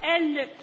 elnök